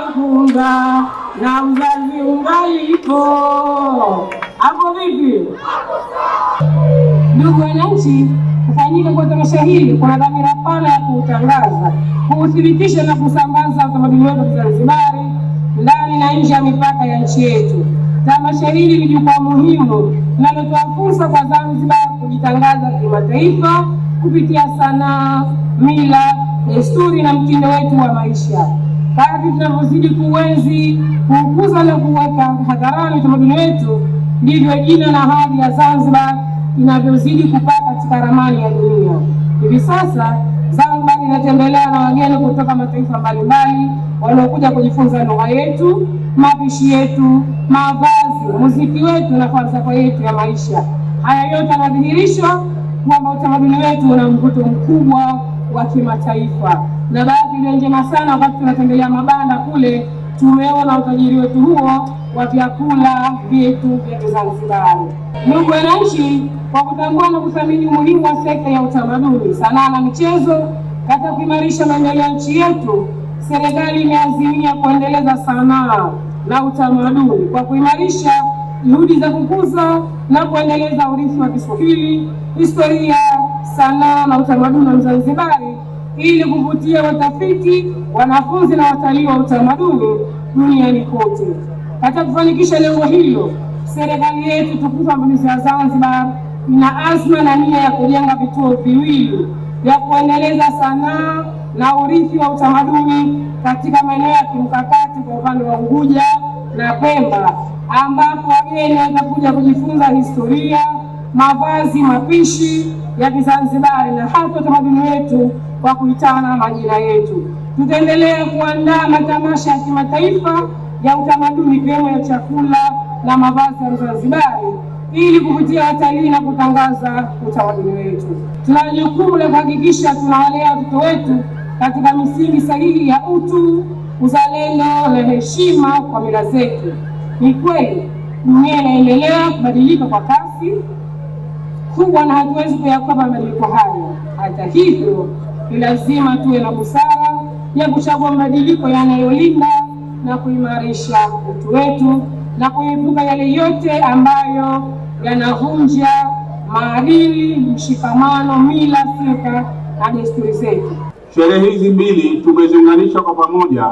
mkunga na mzazi ungalipo hapo vipi? Ndugu wananchi, kufanyika kwa tamasha hili kuna dhamira pana ya kuutangaza, kuuthibitisha na kusambaza utamaduni wetu Zanzibari ndani na nje ya mipaka ya nchi yetu. Tamasha hili ni jukwaa muhimu linalotoa fursa kwa Zanzibar kujitangaza kimataifa kupitia sanaa, mila, desturi na mtindo wetu wa maisha kadri tunavyozidi kuwezi kuukuza na kuweka hadharani utamaduni wetu, ndivyo jina na hadhi ya Zanzibar inavyozidi kupaa katika ramani ya dunia. Hivi sasa Zanzibar inatembelewa na wageni kutoka mataifa mbalimbali wanaokuja kujifunza lugha yetu, mapishi yetu, mavazi, muziki wetu na falsafa yetu ya maisha. Haya yote yanadhihirishwa kwamba utamaduni wetu una mvuto mkubwa wa kimataifa na baadhi iliyo njema sana. Wakati tunatembelea mabanda kule, tumeona utajiri wetu huo wa vyakula vyetu vya Kizanzibari. Ndugu wananchi, kwa kutambua na kuthamini umuhimu wa sekta ya utamaduni, sanaa na michezo katika kuimarisha maendeleo ya nchi yetu, serikali imeazimia kuendeleza sanaa na utamaduni kwa kuimarisha juhudi za kukuza na kuendeleza urithi wa Kiswahili, historia, sanaa na utamaduni wa Mzanzibari ili kuvutia watafiti, wanafunzi na watalii wa utamaduni duniani kote. Katika kufanikisha lengo hilo, serikali yetu tukufu ya Mapinduzi ya Zanzibar ina azma na nia ya kujenga vituo viwili vya kuendeleza sanaa na urithi wa utamaduni katika maeneo ya kimkakati kwa upande wa Unguja na Pemba, ambapo wageni watakuja kujifunza historia, mavazi, mapishi ya Kizanzibari na hata utamaduni wetu kwa kuitana majina yetu. Tutaendelea kuandaa matamasha ya kimataifa ya utamaduni ikiwemo ya chakula na mavazi ya zanzibari ili kuvutia watalii na kutangaza utamaduni wetu. Tuna jukumu la kuhakikisha tunawalea watoto wetu katika misingi sahihi ya utu, uzalendo na heshima kwa mila zetu. Ni kweli dunia inaendelea kubadilika kwa kasi kubwa na hatuwezi kuyakwepa mabadiliko hayo. Hata hivyo ni lazima tuwe na busara ya kuchagua mabadiliko yanayolinda na kuimarisha utu wetu na kuepuka yale yote ambayo yanavunja maadili, mshikamano, mila, sifa na desturi zetu. Sherehe hizi mbili tumeziunganisha kwa pamoja,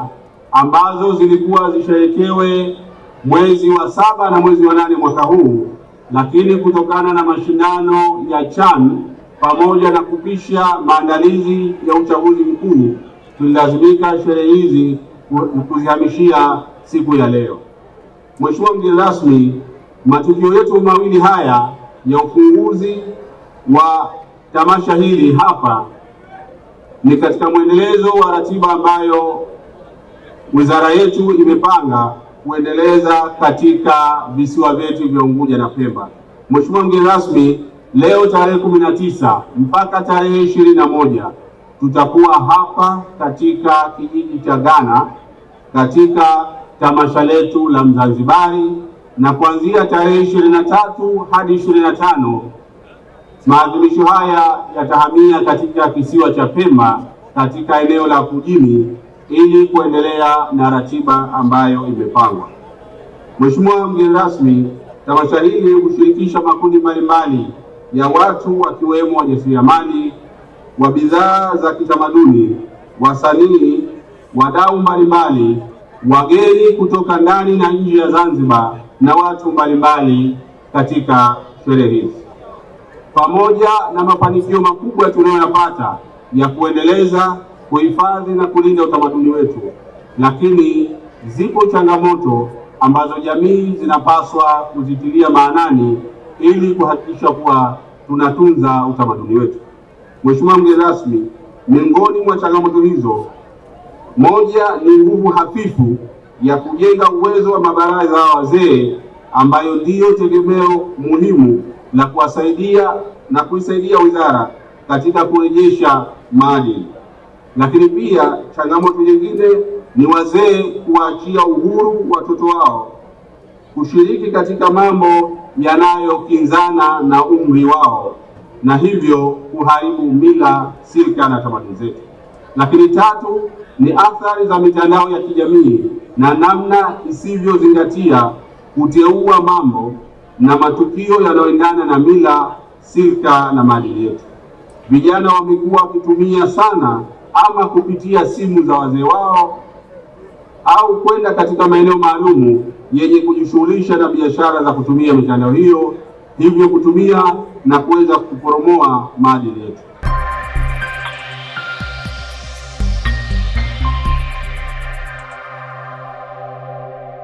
ambazo zilikuwa zisherekewe mwezi wa saba na mwezi wa nane mwaka huu, lakini kutokana na mashindano ya CHAN pamoja na kupisha maandalizi ya uchaguzi mkuu, tulilazimika sherehe hizi kuzihamishia siku ya leo. Mheshimiwa mgeni rasmi, matukio yetu mawili haya ya ufunguzi wa tamasha hili hapa ni katika mwendelezo wa ratiba ambayo wizara yetu imepanga kuendeleza katika visiwa vyetu vya Unguja na Pemba. Mheshimiwa mgeni rasmi Leo tarehe kumi na tisa mpaka tarehe ishirini na moja tutakuwa hapa katika kijiji cha Ghana katika tamasha letu la Mzanzibari, na kuanzia tarehe ishirini na tatu hadi ishirini na tano maadhimisho haya yatahamia katika kisiwa cha Pemba katika eneo la Kujini ili kuendelea na ratiba ambayo imepangwa. Mheshimiwa mgeni rasmi, tamasha hili hushirikisha makundi mbalimbali ya watu wakiwemo wajasiriamali wa bidhaa za kitamaduni, wasanii, wadau mbalimbali, wageni kutoka ndani na nje ya Zanzibar na watu mbalimbali katika sherehe hizi, pamoja na mafanikio makubwa tunayoyapata ya kuendeleza, kuhifadhi na kulinda utamaduni wetu, lakini zipo changamoto ambazo jamii zinapaswa kuzitilia maanani ili kuhakikisha kuwa tunatunza utamaduni wetu. Mheshimiwa mgeni rasmi, miongoni mwa changamoto hizo, moja ni nguvu hafifu ya kujenga uwezo wa mabaraza ya wazee ambayo ndiyo tegemeo muhimu la kuwasaidia na kuisaidia wizara katika kurejesha maadili. Lakini pia changamoto nyingine ni wazee kuwaachia uhuru watoto wao kushiriki katika mambo yanayokinzana na umri wao na hivyo kuharibu mila, silka na tamaduni zetu. Lakini tatu ni athari za mitandao ya kijamii na namna isivyozingatia kuteua mambo na matukio yanayoendana na mila, silka na maadili yetu. Vijana wamekuwa wakitumia sana ama kupitia simu za wazee wao au kwenda katika maeneo maalum yenye kujishughulisha na biashara za kutumia mitandao hiyo, hivyo kutumia na kuweza kuporomoa maadili yetu.